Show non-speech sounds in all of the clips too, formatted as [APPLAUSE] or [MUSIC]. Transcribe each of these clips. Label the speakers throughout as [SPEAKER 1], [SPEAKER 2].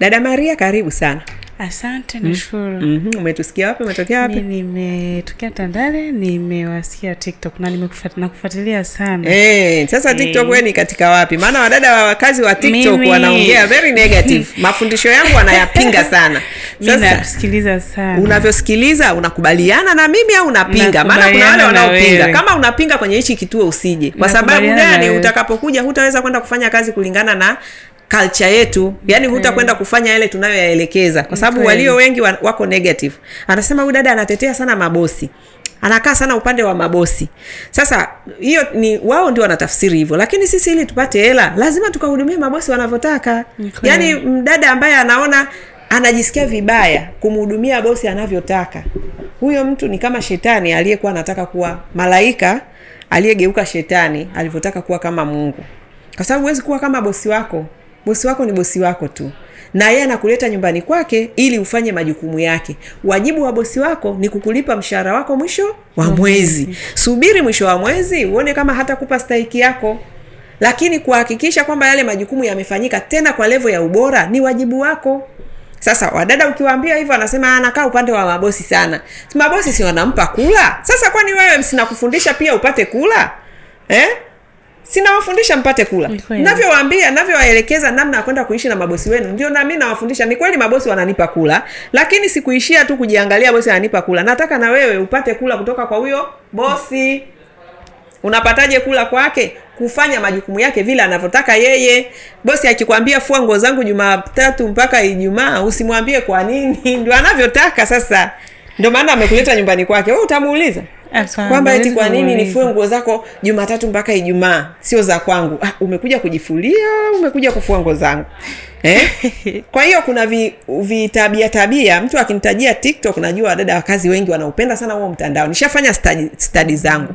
[SPEAKER 1] Dada Maria, karibu sana.
[SPEAKER 2] Asante, mm. nashukuru.
[SPEAKER 1] Mm-hmm. Umetusikia wapi? Umetokea wapi?
[SPEAKER 2] Mimi nimetokea Tandale, nimewasikia TikTok na nimekufuatilia sana.
[SPEAKER 1] Eh, sasa TikTok eh. wewe ni katika wapi? Maana wadada wa wakazi wa TikTok wanaongea very negative. [LAUGHS] Mafundisho yangu wanayapinga [LAUGHS] sana.
[SPEAKER 2] Sasa nasikiliza sana.
[SPEAKER 1] Unavyosikiliza unakubaliana na mimi au unapinga? Maana kuna wale wanaopinga. Kama unapinga kwenye hichi kituo usije. Kwa sababu gani? Utakapokuja hutaweza kwenda kufanya kazi kulingana na culture yetu yani, hutakwenda kufanya yale tunayoyaelekeza, kwa sababu okay. walio wengi wako negative. Anasema huyu dada anatetea sana mabosi anakaa sana upande wa mabosi. Sasa hiyo ni wao ndio wanatafsiri hivyo, lakini sisi ili tupate hela lazima tukahudumia mabosi wanavyotaka. Okay. yani mdada ambaye anaona anajisikia vibaya kumhudumia bosi anavyotaka, huyo mtu ni kama shetani aliyekuwa anataka kuwa malaika aliyegeuka shetani alivyotaka kuwa kama Mungu, kwa sababu huwezi kuwa kama bosi wako bosi wako ni bosi wako tu na yeye anakuleta nyumbani kwake ili ufanye majukumu yake. Wajibu wa bosi wako ni kukulipa mshahara wako mwisho wa mwezi. Subiri mwisho wa mwezi uone kama hatakupa stahiki yako, lakini kuhakikisha kwamba yale majukumu yamefanyika tena kwa levo ya ubora ni wajibu wako. Sasa wadada ukiwaambia hivyo, anasema ah, anakaa upande wa mabosi sana. Mabosi si wanampa kula? Sasa kwani wewe msinakufundisha pia upate kula eh? sinawafundisha mpate kula, navyowaambia navyowaelekeza namna ya kwenda kuishi na mabosi wenu, ndio nami nawafundisha. Ni kweli mabosi wananipa kula, lakini sikuishia tu kujiangalia bosi ananipa kula, nataka na wewe upate kula kutoka kwa huyo bosi. Unapataje kula kwake? Kufanya majukumu yake vile anavyotaka yeye. Bosi akikwambia fua nguo zangu Jumatatu mpaka Ijumaa, usimwambie kwa nini, [LAUGHS] ndio anavyotaka. Sasa ndio maana amekuleta nyumbani kwake, wewe utamuuliza kwamba eti kwa nini nifue nguo zako Jumatatu mpaka Ijumaa sio za kwangu? Ah, umekuja kujifulia, umekuja kufua nguo zangu eh? [LAUGHS] Kwa hiyo kuna vitabia vi tabia, mtu akimtajia TikTok, najua wadada wakazi wengi wanaupenda sana huo mtandao. Nishafanya stadi zangu.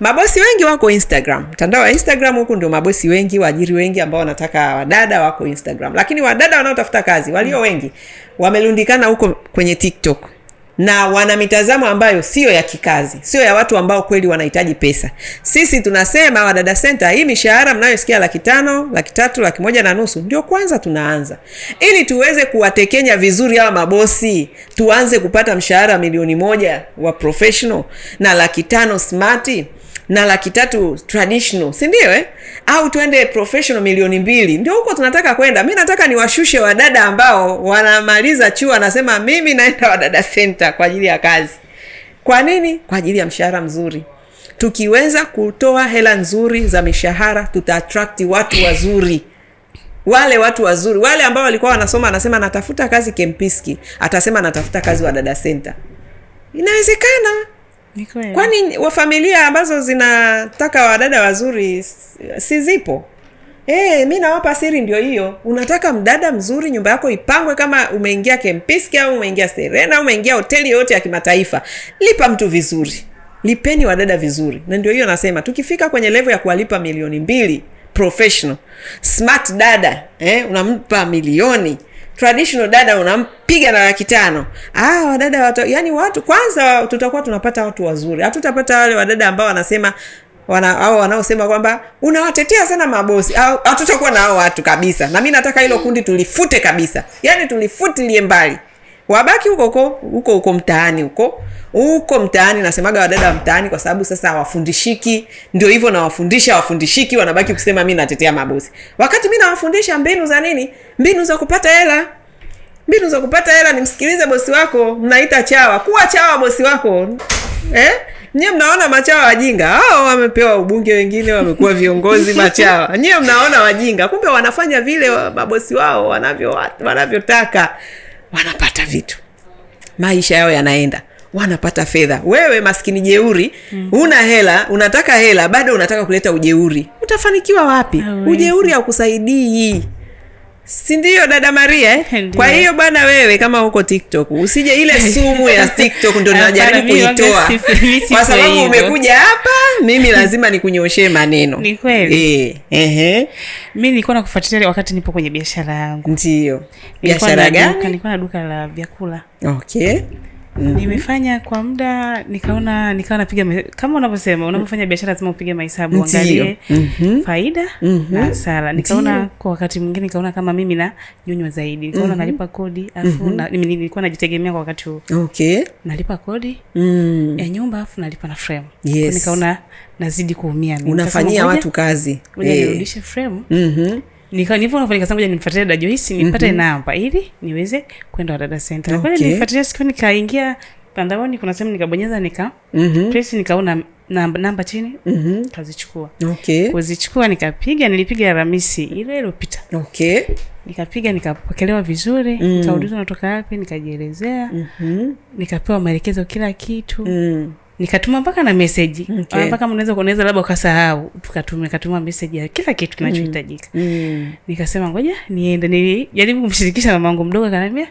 [SPEAKER 1] Mabosi wengi wako Instagram, mtandao wa Instagram huku ndio mabosi wengi, waajiri wengi ambao wanataka wadada wako Instagram, lakini wadada wanaotafuta kazi walio mm. wengi wamelundikana huko kwenye TikTok na wana mitazamo ambayo siyo ya kikazi, sio ya watu ambao kweli wanahitaji pesa. Sisi tunasema Wadada Senta, hii mishahara mnayosikia laki tano, laki tatu, laki moja na nusu ndio kwanza tunaanza, ili tuweze kuwatekenya vizuri hawa mabosi, tuanze kupata mshahara milioni moja wa professional na laki tano smart na laki tatu traditional, si ndio eh? Au tuende professional milioni mbili, ndio huko tunataka kwenda. Mi nataka niwashushe wadada ambao wanamaliza chuo, anasema mimi naenda Wadada Center kwa ajili ya kazi. Kwa nini? Kwa ajili ya mshahara mzuri. Tukiweza kutoa hela nzuri za mishahara, tuta watu wazuri wale watu wazuri wale ambao walikuwa wanasoma, anasema natafuta kazi Kempiski, atasema natafuta kazi wa dada Center. Inawezekana kwani wa familia ambazo zinataka wadada wazuri si zipo? E, mi nawapa siri ndio hiyo. Unataka mdada mzuri, nyumba yako ipangwe kama umeingia kempiski au umeingia Serena au umeingia hoteli yoyote ya kimataifa, lipa mtu vizuri, lipeni wadada vizuri. Na ndio hiyo nasema, tukifika kwenye levo ya kuwalipa milioni mbili professional smart dada eh, unampa milioni traditional dada unampiga na laki tano. Ah, wadada watu, yani watu kwanza, tutakuwa tunapata watu wazuri, hatutapata wale wadada ambao wanasema wana au wanaosema kwamba unawatetea sana mabosi, au hatutakuwa na hao watu kabisa. Na mimi nataka hilo kundi tulifute kabisa, yani tulifutilie mbali wabaki huko huko huko huko mtaani huko huko mtaani. Nasemaga wadada wa mtaani kwa sababu sasa hawafundishiki, ndio hivyo nawafundisha, hawafundishiki, wanabaki kusema mi natetea mabosi, wakati mi nawafundisha mbinu za nini? Mbinu za kupata hela. Mbinu za kupata hela nimsikilize bosi wako. Mnaita chawa, kuwa chawa bosi wako eh? Nyie mnaona machawa wajinga hao, wamepewa ubunge, wengine wamekuwa viongozi [LAUGHS] machawa. Nyie mnaona wajinga, kumbe wanafanya vile mabosi wao wanavyotaka, wanavyo wanapata wanapata vitu maisha yao yanaenda wanapata fedha wewe maskini jeuri mm. una hela unataka hela bado unataka kuleta ujeuri utafanikiwa wapi Awe. ujeuri haukusaidii si dada Maria eh? Kwa hiyo bwana, wewe kama uko TikTok usije ile [LAUGHS] sumu ya TikTok ndo najaribu kuitoa, kwa sababu umekuja hapa, mimi lazima nikunyoshee maneno.
[SPEAKER 2] Ni kweli
[SPEAKER 1] eh, ehe,
[SPEAKER 2] mimi nilikuwa nakufuatilia wakati nipo kwenye biashara yangu. Ndio biashara gani? Nilikuwa na duka la vyakula. Okay mm. nimefanya kwa muda nikaona nikawa napiga kama unavyosema unavyofanya biashara lazima upige mahesabu uangalie mm-hmm. faida mm-hmm. na mhm. hasara nikaona kwa wakati mwingine nikaona kama mimi na nyonywa zaidi nikaona mm-hmm. nalipa kodi afu mm-hmm. na, nilikuwa najitegemea kwa wakati huo okay. nalipa kodi
[SPEAKER 1] mm.
[SPEAKER 2] ya nyumba afu nalipa na frame yes. nikaona nazidi kuumia
[SPEAKER 1] unafanyia watu kazi eh.
[SPEAKER 2] nirudishe yeah. frame mm-hmm Nika nipo nafanya kazi ngoja nimfuatilie dada Joyce nipate mm -hmm. namba ili niweze kwenda Wadada Center. Okay. Kwani nifuatilie siku nikaingia mtandaoni kuna sehemu nikabonyeza nika mm -hmm. press nikaona namba, namba chini mm -hmm. kazichukua. Okay. Kuzichukua nikapiga nilipiga Ramisi ile iliyopita. Okay. Nikapiga nikapokelewa vizuri, mm. nikaulizwa natoka wapi, nikajielezea.
[SPEAKER 1] Mm -hmm.
[SPEAKER 2] Nikapewa maelekezo kila kitu. Mm nikatuma mpaka na meseji okay. Ah, mpaka mnaweza kuoneza labda ukasahau tukatuma katuma meseji ya kila kitu kinachohitajika mm. mm. nikasema ngoja niende nilijaribu kumshirikisha wangu mdogo akaniambia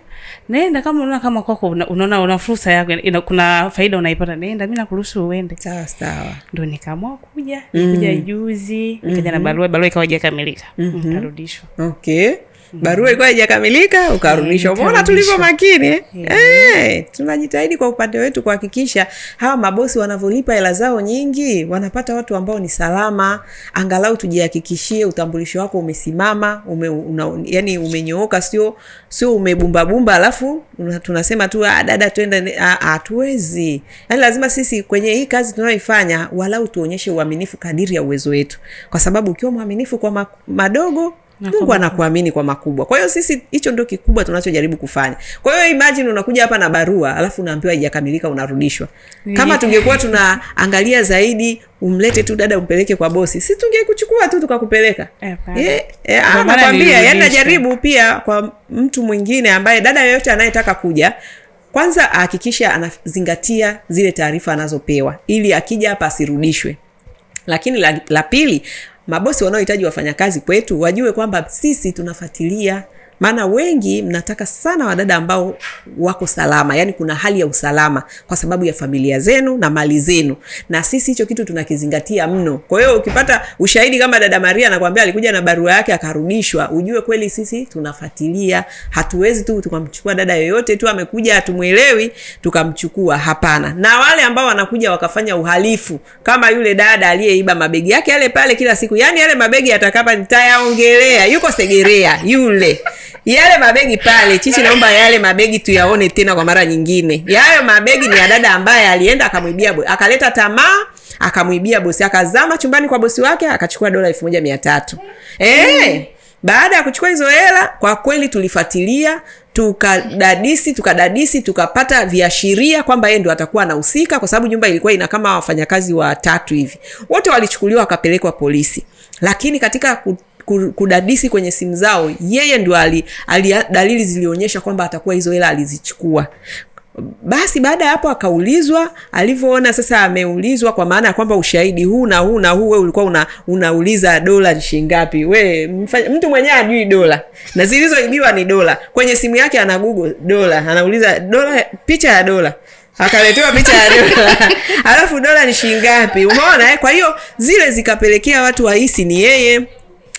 [SPEAKER 2] naenda kama unaona kama kwako unaona una fursa yako ina, kuna faida unaipata naenda mi nakuruhusu uende
[SPEAKER 1] sawa sawa
[SPEAKER 2] ndo nikaamua kuja mm. juzi nikaja mm-hmm. na barua barua ikawa ijakamilika mm-hmm. nikarudishwa
[SPEAKER 1] okay barua ilikuwa haijakamilika ukarudisha. Umeona eh, tulivyo makini Hey, eh. eh, tunajitahidi kwa upande wetu kuhakikisha hawa mabosi wanavyolipa hela zao nyingi wanapata watu ambao ni salama, angalau tujihakikishie utambulisho wako umesimama ume, una, yani umenyooka, sio sio umebumbabumba alafu tunasema tu ah, dada tuende ah, Hatuwezi, yani lazima sisi kwenye hii kazi tunayoifanya walau tuonyeshe uaminifu kadiri ya uwezo wetu, kwa sababu ukiwa mwaminifu kwa madogo Mungu anakuamini kwa makubwa. Kwa hiyo sisi, hicho ndio kikubwa tunachojaribu kufanya. Kwa hiyo imagine unakuja hapa na barua alafu unaambiwa ijakamilika unarudishwa. Kama tungekuwa tunaangalia zaidi, umlete tu dada umpeleke kwa bosi, si tungekuchukua tu tukakupeleka.
[SPEAKER 2] Eh,
[SPEAKER 1] eh anakwambia yani, najaribu pia kwa mtu mwingine ambaye dada yoyote anayetaka kuja kwanza ahakikisha anazingatia zile taarifa anazopewa ili akija hapa asirudishwe. Lakini la, la pili mabosi wanaohitaji wafanyakazi kwetu wajue kwamba sisi tunafuatilia maana wengi mnataka sana wadada ambao wako salama, yani kuna hali ya usalama kwa sababu ya familia zenu na mali zenu, na sisi hicho kitu tunakizingatia mno. Kwa hiyo ukipata ushahidi kama dada Maria anakuambia alikuja na barua yake akarudishwa, ujue kweli sisi tunafuatilia. Hatuwezi tu tukamchukua dada yoyote tu amekuja hatumwelewi tukamchukua, hapana. Na wale ambao wanakuja wakafanya uhalifu kama yule dada aliyeiba mabegi yake yale pale kila siku, yani yale mabegi atakapa, nitayaongelea, yuko Segerea yule yale mabegi pale, Chichi, naomba yale mabegi tuyaone tena kwa mara nyingine. Yayo mabegi ni ya dada ambaye alienda akamwibia, akaleta tamaa akamwibia bosi, akazama chumbani kwa bosi wake akachukua dola elfu moja mia tatu eh. Baada ya kuchukua hizo hela, kwa kweli tulifuatilia tukadadisi tukadadisi tukapata viashiria kwamba yeye ndio atakuwa anahusika, kwa sababu nyumba ilikuwa ina kama wafanyakazi watatu hivi, wote walichukuliwa wakapelekwa polisi, lakini katika kudadisi kwenye simu zao, yeye ndio ali, ali, dalili zilionyesha kwamba atakuwa hizo hela alizichukua. Basi baada ya hapo akaulizwa, alivyoona sasa ameulizwa, kwa maana ya kwamba ushahidi huu na huu na huu, we ulikuwa una, unauliza dola shilingi ngapi? We mtu mwenyewe ajui dola, na zilizoibiwa ni dola. Kwenye simu yake ana google dola, anauliza dola, picha ya dola akaletewa picha ya dola [LAUGHS] alafu dola ni shilingi ngapi? Umeona eh? Kwa hiyo zile zikapelekea watu wahisi ni yeye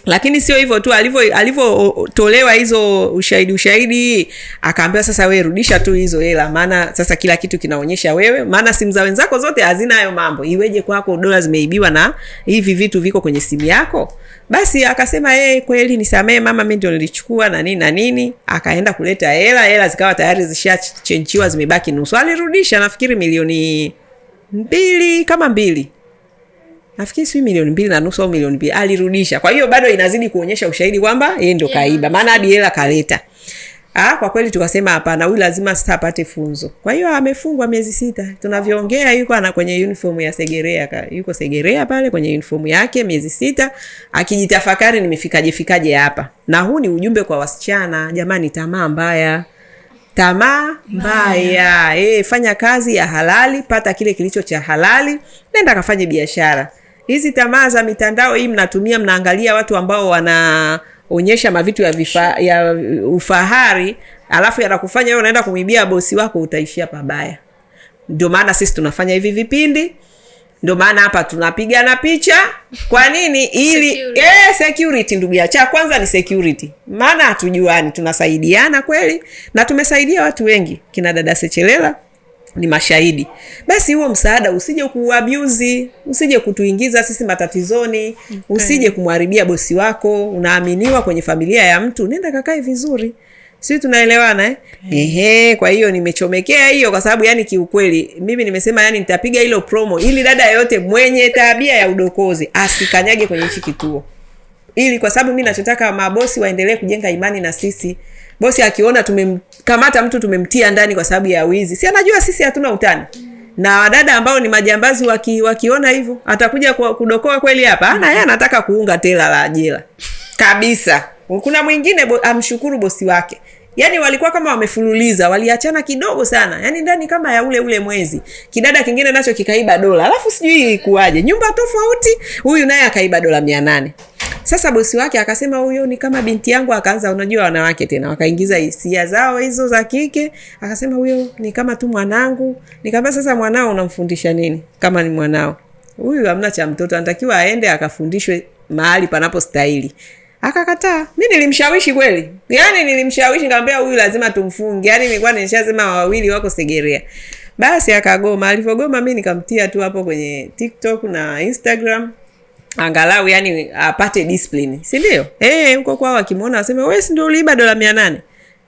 [SPEAKER 1] lakini sio hivyo tu alivyotolewa hizo ushahidi ushahidi akaambiwa sasa wewe rudisha tu hizo hela maana sasa kila kitu kinaonyesha wewe maana simu za wenzako zote hazina hayo mambo iweje kwako dola zimeibiwa na hivi vitu viko kwenye simu yako basi akasema yeye eh, kweli nisamee mama mi ndio nilichukua na nini na nini akaenda kuleta hela hela zikawa tayari zishachenchiwa zimebaki nusu alirudisha nafikiri milioni mbili kama mbili nafikiri sijui milioni mbili na nusu au milioni mbili alirudisha. Kwa hiyo bado inazidi kuonyesha ushahidi kwamba yeye ndo kaiba, maana hadi hela kaleta. Ah, kwa kweli tukasema hapana, huyu lazima sasa apate funzo. Kwa hiyo amefungwa miezi sita. Tunavyoongea yuko ana kwenye uniform ya Segerea, yuko Segerea pale kwenye uniform yake miezi sita, akijitafakari nimefikaje fikaje hapa. Na huu ni ujumbe kwa wasichana, jamani, tamaa mbaya tamaa
[SPEAKER 2] mbaya.
[SPEAKER 1] E, fanya kazi ya halali, pata kile kilicho cha halali, nenda kafanye biashara hizi tamaa za mitandao hii mnatumia, mnaangalia watu ambao wanaonyesha mavitu ya, vifa, ya ufahari alafu yanakufanya wewe unaenda kumwibia bosi wako, utaishia pabaya. Ndio maana sisi tunafanya hivi vipindi, ndio maana hapa na picha. Kwa nini? Ili security. Eh, security ndugu ya cha kwanza ni security, maana hatujuani, tunasaidiana kweli na tumesaidia watu wengi, kina dada Sechelela ni mashahidi. Basi huo msaada usije kuabuse, usije kutuingiza sisi matatizoni, okay. Usije kumharibia bosi wako, unaaminiwa kwenye familia ya mtu, nenda kakae vizuri, sisi tunaelewana eh? Okay. Ehe, kwa hiyo nimechomekea hiyo kwa sababu yani kiukweli mimi nimesema yani nitapiga hilo promo ili dada yoyote mwenye tabia ya udokozi asikanyage kwenye hichi kituo, ili kwa sababu mi nachotaka mabosi waendelee kujenga imani na sisi Bosi akiona tumemkamata mtu tumemtia ndani kwa sababu ya wizi, si anajua sisi hatuna utani na wadada ambao ni majambazi waki, wakiona hivyo atakuja kudokoa kweli hapa ana yeye anataka kuunga tela la ajira kabisa. Kuna mwingine bo, amshukuru bosi wake, yani walikuwa kama wamefululiza, waliachana kidogo sana, yani ndani kama ya ule ule mwezi. Kidada kingine nacho kikaiba dola, alafu sijui ilikuwaje, nyumba tofauti, huyu naye akaiba dola mia nane. Sasa bosi wake akasema huyo ni kama binti yangu, akaanza unajua, wanawake tena wakaingiza hisia zao hizo za kike, akasema huyo ni kama tu mwanangu. Nikamba, sasa, mwanao unamfundisha nini kama ni mwanao? Huyu hamna cha mtoto, anatakiwa aende akafundishwe mahali panapostahili. Akakataa. Mi nilimshawishi kweli, yani nilimshawishi, nikamwambia huyu lazima tumfunge, yani nilikuwa nishasema wawili wako Segerea. Basi akagoma. Alivyogoma, mi nikamtia tu hapo kwenye TikTok na Instagram angalau yani apate discipline, si ndio? Eh, huko kwao akimwona aseme wewe, si ndio uliiba dola mia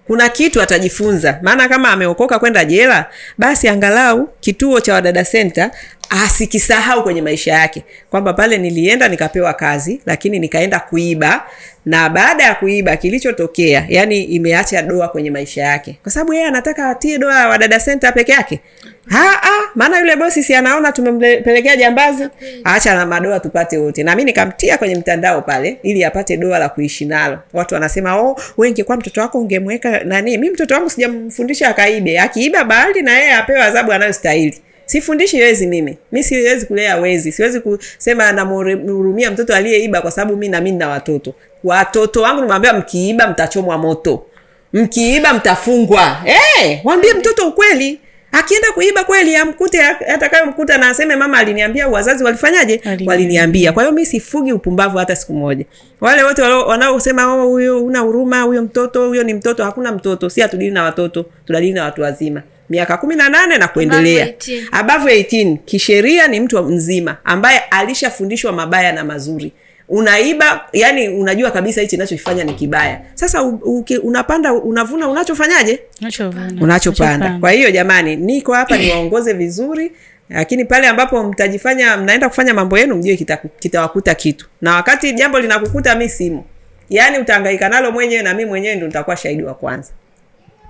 [SPEAKER 1] kuna kitu atajifunza. Maana kama ameokoka kwenda jela, basi angalau kituo cha Wadada Center asikisahau ah, kwenye maisha yake kwamba pale nilienda nikapewa kazi, lakini nikaenda kuiba, na baada ya kuiba kilichotokea, yani imeacha doa kwenye maisha yake, kwa sababu yeye anataka atie doa Wadada senta peke yake. Ah, ah, maana yule bosi si anaona tumempelekea jambazi, acha na madoa tupate wote. Na mimi nikamtia kwenye mtandao pale, ili apate doa la kuishi nalo. Watu wanasema oh, wewe ingekuwa mtoto wako ungemweka nani? mi mtoto wangu sijamfundisha akaibe, akiiba bali na yeye apewa adhabu anayostahili. Sifundishi wezi mimi. Mi siwezi kulea wezi, siwezi kusema namhurumia mtoto aliyeiba, kwa sababu mi nami na watoto. Watoto wangu nimwambia, mkiiba mtachomwa moto, mkiiba mtafungwa. Hey, eh, wambie mtoto ukweli akienda kuiba kweli, amkute atakayomkuta na aseme mama aliniambia, wazazi walifanyaje? Waliniambia. Kwa hiyo mi sifugi upumbavu hata siku moja. Wale wote wanaosema oh, huyo una huruma, huyo mtoto huyo ni mtoto, hakuna mtoto. Si hatudili na watoto, tunadili na watu wazima miaka kumi na nane na kuendelea, above 18 kisheria ni mtu mzima ambaye alishafundishwa mabaya na mazuri. Unaiba yani, unajua kabisa hichi nachokifanya ni kibaya. Sasa u, u, unapanda unavuna, unachofanyaje? Unachopanda, Kwa hiyo jamani, niko hapa [COUGHS] niwaongoze vizuri lakini pale ambapo mtajifanya mnaenda kufanya mambo yenu, mjue kitawakuta kita kitu, na wakati jambo linakukuta mi simu yani utaangaika nalo mwenyewe, na mi mwenyewe ndo nitakuwa shahidi wa kwanza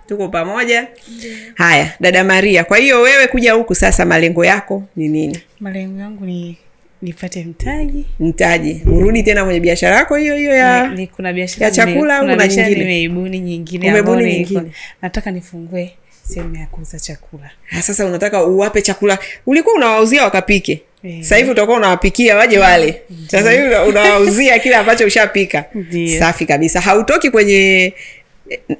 [SPEAKER 1] tuko pamoja Ndiyo. Haya, dada Maria, kwa hiyo wewe kuja huku sasa, malengo yako ni nini?
[SPEAKER 2] Malengo yangu ni nipate mtaji,
[SPEAKER 1] mtaji urudi tena kwenye biashara yako hiyo hiyo ya ni,
[SPEAKER 2] ni kuna biashara ya chakula au kuna nyingine? Nimeibuni nyingine,
[SPEAKER 1] umebuni nyingine,
[SPEAKER 2] nataka nifungue sehemu ya kuuza chakula.
[SPEAKER 1] Ha, ah, sasa unataka uwape chakula, ulikuwa unawauzia wakapike eh. sasa hivi utakuwa unawapikia waje wale. Sasa hivi unawauzia kile ambacho ushapika. Safi kabisa, hautoki kwenye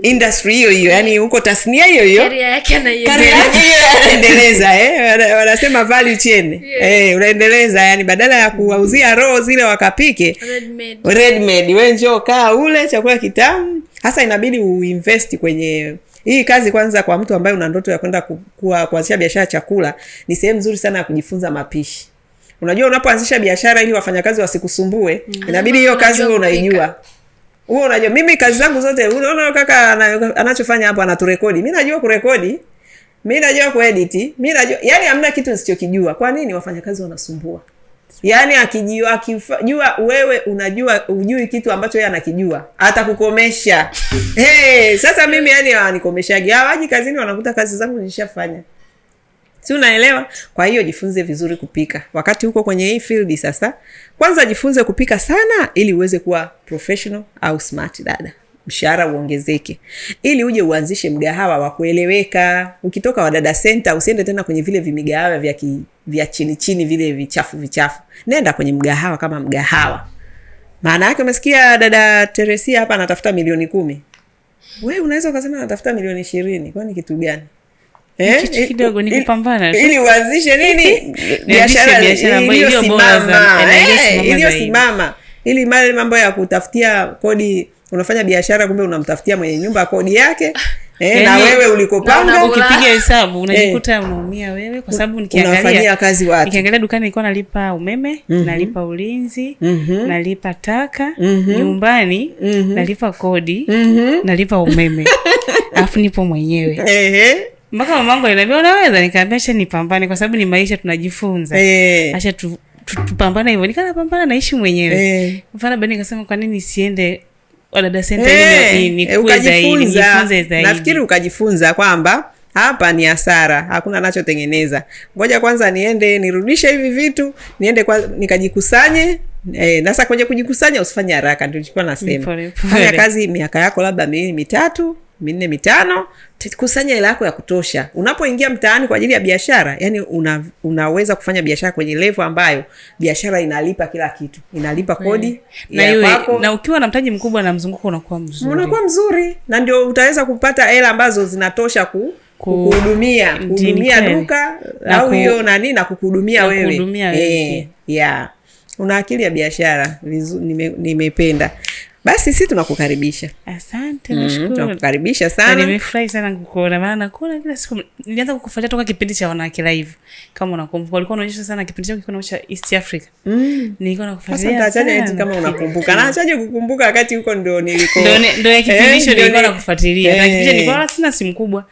[SPEAKER 1] industry hiyo hiyo yani huko tasnia hiyo hiyo karia yake anaendeleza eh, wanasema value chain yeah. Eh, unaendeleza yani badala ya kuwauzia roho zile wakapike red redmade we njoo kaa ule chakula kitamu hasa inabidi uinvesti kwenye hii kazi kwanza kwa mtu ambaye una ndoto ya kwenda kuanzisha biashara chakula ni sehemu nzuri sana ya kujifunza mapishi unajua unapoanzisha biashara ili wafanyakazi wasikusumbue mm. inabidi hiyo kazi huwe unaijua huo unajua mimi kazi zangu zote, unaona kaka anachofanya hapo, anaturekodi. mi najua kurekodi, mi najua kuedit, mi najua yani, amna kitu nisichokijua. Kwa nini wafanyakazi wanasumbua? Yaani akijua akijua, wewe unajua ujui kitu ambacho yeye anakijua, atakukomesha. [LAUGHS] Hey, sasa mimi yani hawanikomeshagi, hawaji kazini, wanakuta kazi zangu nishafanya si unaelewa? Kwa hiyo jifunze vizuri kupika wakati huko kwenye hii field. Sasa kwanza jifunze kupika sana, ili uweze kuwa professional au smart dada, mshahara uongezeke, ili uje uanzishe mgahawa wa kueleweka. Ukitoka Wadada Center usiende tena kwenye vile vimigahawa vya, ki, vya chini chini vile vichafu vichafu, nenda kwenye mgahawa kama mgahawa. Maana yake umesikia dada Teresia hapa anatafuta milioni kumi, we unaweza ukasema anatafuta milioni ishirini. Kwani kitu gani?
[SPEAKER 2] Eh? Eh, kidogo ni kupambana
[SPEAKER 1] ili uanzishe nini [LAUGHS] biashara eh, iliyosimama ili male mambo ya kutafutia kodi unafanya biashara kumbe unamtafutia mwenye nyumba kodi yake [LAUGHS] E, na yaani, wewe ulikopanga
[SPEAKER 2] ukipiga hesabu unajikuta eh, unaumia wewe kwa sababu nikiangalia kazi nikiangalia dukani nilikuwa nalipa umeme mm -hmm. nalipa ulinzi mm -hmm. nalipa taka mm -hmm. nyumbani mm -hmm. nalipa kodi mm -hmm. nalipa umeme [LAUGHS] alafu nipo mwenyewe mpaka mamangu aliniambia unaweza, nikaambia acha nipambane, kwa sababu ni maisha, tunajifunza hey. Eh. acha tu, tu, tupambane hivyo, nikaa napambana, naishi mwenyewe hey. Eh. mfano baadaye nikasema kwa nini siende Wadada Center
[SPEAKER 1] hey. Eh. nikuwe zaidi, nijifunze Nafikiri ukajifunza kwamba hapa ni hasara, hakuna nachotengeneza. Ngoja kwanza niende nirudishe hivi vitu, niende kwa, nikajikusanye eh, nasa kwenye kujikusanya usifanye haraka, ndio nilikuwa nasema fanya kazi miaka yako labda miwili mitatu, minne mitano, kusanya hela yako ya kutosha. Unapoingia mtaani kwa ajili ya biashara, yani una, unaweza kufanya biashara kwenye levo ambayo biashara inalipa kila kitu, inalipa kodi
[SPEAKER 2] na yue, na ukiwa na mtaji mkubwa na mzunguko unakuwa mzuri,
[SPEAKER 1] unakuwa mzuri, na ndio utaweza kupata hela ambazo zinatosha ku kuhudumia kuhudumia duka na au hiyo nani na kukuhudumia wewe,
[SPEAKER 2] wewe. E, eh,
[SPEAKER 1] yeah. Una akili ya biashara, nimependa nime basi sisi tunakukaribisha.
[SPEAKER 2] Asante, mhm, nashukuru.
[SPEAKER 1] Tunakukaribisha sana.
[SPEAKER 2] Nimefurahi sana kukuona, maana nakuona kila siku. Nilianza kukufuatia toka kipindi cha wanawake live, kama unakumbuka, ulikuwa unaonyesha sana kipindi chako kilikuwa cha East Africa. Mm. Nilikuwa nakufuatia. Sasa acha
[SPEAKER 1] kama [LAUGHS] unakumbuka, na achaje kukumbuka wakati huko ndo nilikuwa
[SPEAKER 2] ndo ya eh, kipindi hicho nilikuwa nakufuatilia, na kipindi eh. nilikuwa sina simu kubwa,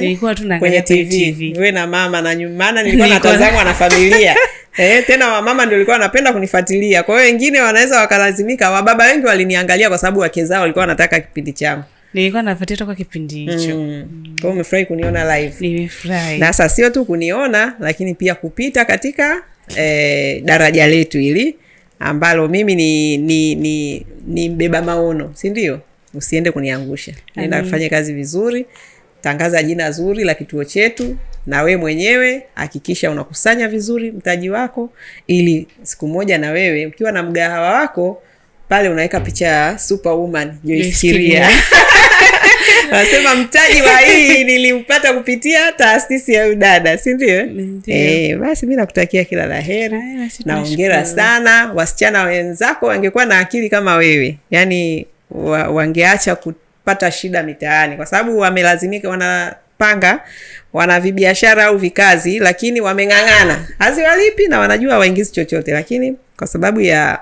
[SPEAKER 2] nilikuwa tu naangalia TV
[SPEAKER 1] wewe na mama na nyuma, maana nilikuwa natazamwa na familia [LAUGHS] Eh, tena wamama ndio walikuwa wanapenda kunifuatilia, kwa hiyo wengine wanaweza wakalazimika. Wababa wengi waliniangalia kwa sababu wake zao walikuwa wanataka kipindi changu
[SPEAKER 2] nilikuwa nafuatilia toka kipindi
[SPEAKER 1] hicho. mm. mm. Kwa hiyo umefurahi kuniona live?
[SPEAKER 2] Nimefurahi. Na
[SPEAKER 1] sasa sio tu kuniona, lakini pia kupita katika eh, daraja letu hili ambalo mimi ni ni ni, ni mbeba maono, si ndio? Usiende kuniangusha, nenda kufanya kazi vizuri tangaza jina zuri la kituo chetu, na we mwenyewe hakikisha unakusanya vizuri mtaji wako, ili siku moja na wewe ukiwa na mgahawa wako pale unaweka picha ya Superwoman Joyce [LAUGHS] Nasema mtaji wa hii niliupata kupitia taasisi ya udada, si ndio? Eh, basi mi nakutakia kila la heri na hongera sana. Wasichana wenzako wangekuwa na akili kama wewe, yani wa, wangeacha kupata shida mitaani, kwa sababu wamelazimika, wanapanga wana vibiashara au vikazi, lakini wameng'ang'ana, haziwalipi na wanajua waingizi chochote, lakini kwa sababu ya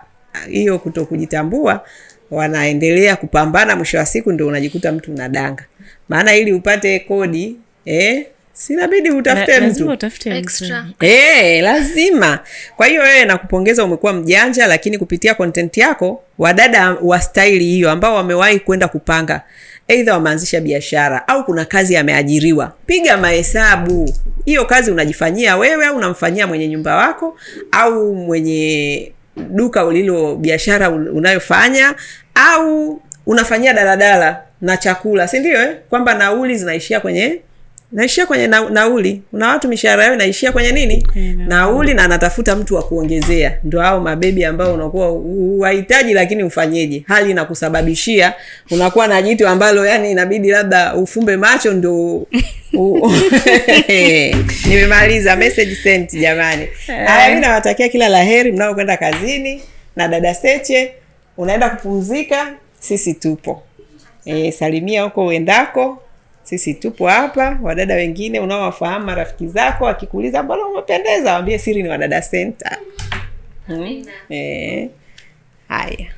[SPEAKER 1] hiyo kuto kujitambua wanaendelea kupambana. Mwisho wa siku ndio unajikuta mtu unadanga, maana ili upate kodi eh, sinabidi utafute mtu
[SPEAKER 2] lazima,
[SPEAKER 1] hey, eh, lazima. Kwa hiyo wewe nakupongeza, umekuwa mjanja, lakini kupitia content yako wadada wa staili hiyo ambao wamewahi kwenda kupanga, eidha wameanzisha biashara au kuna kazi ameajiriwa, piga mahesabu. Hiyo kazi unajifanyia wewe au unamfanyia mwenye nyumba wako au mwenye duka ulilo biashara unayofanya au unafanyia daladala na chakula, si eh? Kwamba nauli zinaishia kwenye naishia kwenye na, nauli. na watu mishahara yao inaishia kwenye nini? Yeah, nauli na anatafuta mtu wa kuongezea. ndo hao mabebi ambao unakuwa wahitaji lakini ufanyeje? Hali inakusababishia unakuwa na jitu ambalo yani inabidi labda ufumbe macho ndo [LAUGHS] nimemaliza message sent jamani. Eh. Haya, mimi nawatakia kila laheri mnaokwenda kazini na dada Seche, unaenda kupumzika, sisi tupo. E, salimia huko uendako. Sisi tupo hapa, wadada wengine unaowafahamu marafiki zako wakikuuliza mbona umependeza, waambie siri ni Wadada Center. Hmm? Eh. Haya.